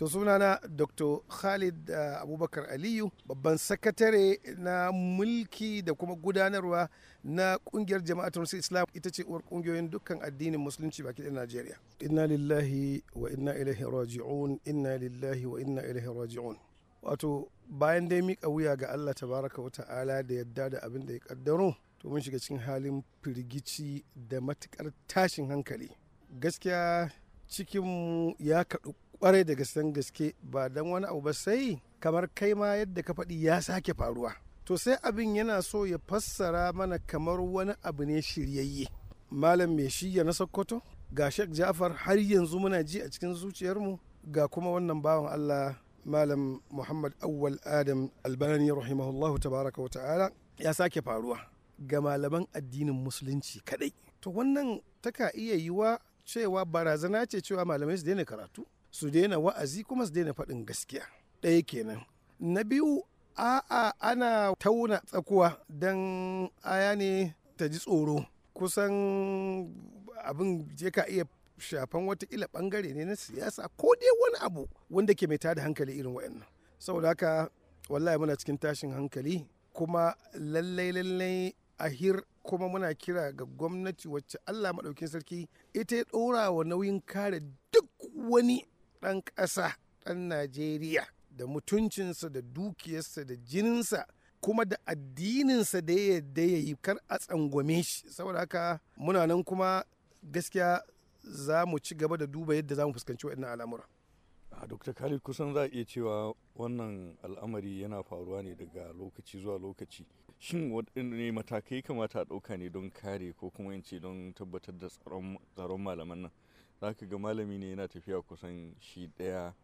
to sunana dr khalid eh, abubakar aliyu babban sakatare na mulki da kuma gudanarwa na kungiyar jama'atul islam ita ce uwar kungiyoyin dukkan addinin musulunci baki da najeriya inna lillahi wa inna ilaihi raji'un inna lillahi wa inna ilaihi raji'un wato bayan dai mika wuya ga allah tabaraka wa ta'ala da yadda da abin da ya kaddaro to mun shiga cikin halin firgici da matukar tashin hankali gaskiya cikinmu ya kaɗu kwarai da gaske gaske ba dan wani abu ba sai kamar kai ma yadda ka faɗi ya sake faruwa to sai abin yana so ya fassara mana kamar wani abu ne shiryayye malam mai shiya na sokoto ga shek jafar har yanzu muna ji a cikin zuciyarmu ga kuma wannan bawan allah malam muhammad awwal adam albani rahimahullahu tabaraka wata'ala ya sake faruwa ga malaman addinin musulunci kadai to wannan taka iya yiwa cewa barazana ce cewa malamai su daina karatu su daina wa'azi kuma su daina faɗin gaskiya ɗaya kenan na biyu a'a ana tauna tsakuwa don aya ne ta ji tsoro kusan abin je ka iya shafan watakila ɓangare ne na siyasa ko dai wani abu wanda ke mai tada hankali irin wa'annan saboda haka wallahi muna cikin tashin hankali kuma lallai lallai ahir kuma muna kira ga gwamnati wacce allah maɗaukin sarki ita ya ɗora wa nauyin kare duk wani ɗan ƙasa ɗan najeriya da mutuncinsa da dukiyarsa da jininsa kuma da addininsa da ya yadda ya yi kar a tsangwame shi saboda haka muna nan kuma gaskiya za mu ci gaba da duba yadda za mu fuskanci waɗannan al'amura a dr khalid kusan za a iya cewa wannan al'amari yana faruwa ne daga lokaci zuwa lokaci shin waɗanne matakai kamata a ɗauka ne don kare ko kuma in ce don tabbatar da tsaron malaman nan za ka ga malami ne yana tafiya kusan shi ɗaya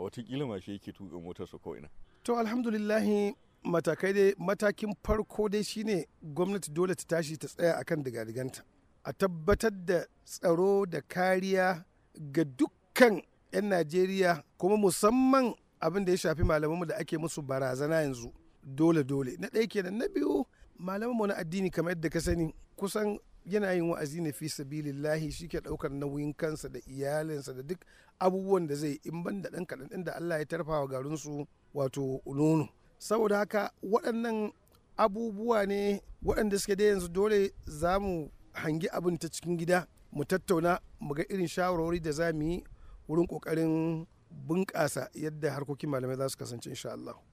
watakila ma shi yake tuka motarsa ko ina to alhamdulillahi matakai dai matakin farko dai shine gwamnati dole ta tashi ta tsaya akan diga-diganta a tabbatar da tsaro da kariya ga dukkan 'yan najeriya kuma musamman abin da ya shafi malamanmu da ake musu barazana yanzu dole dole na ɗaya kenan na biyu malamanmu na addini kamar yadda ka sani kusan yana yin wa'azi ne fi sabilillahi shi ke ɗaukar nauyin kansa da iyalinsa da duk abubuwan da zai in ban da ɗan kaɗan ɗin da Allah ya tarfawa su wato nono saboda haka waɗannan abubuwa ne waɗanda suke da yanzu dole za mu hangi abin ta cikin gida mu tattauna mu ga irin shawarwari da za mu yi wurin kokarin bunƙasa yadda harkokin malamai za su kasance insha Allah.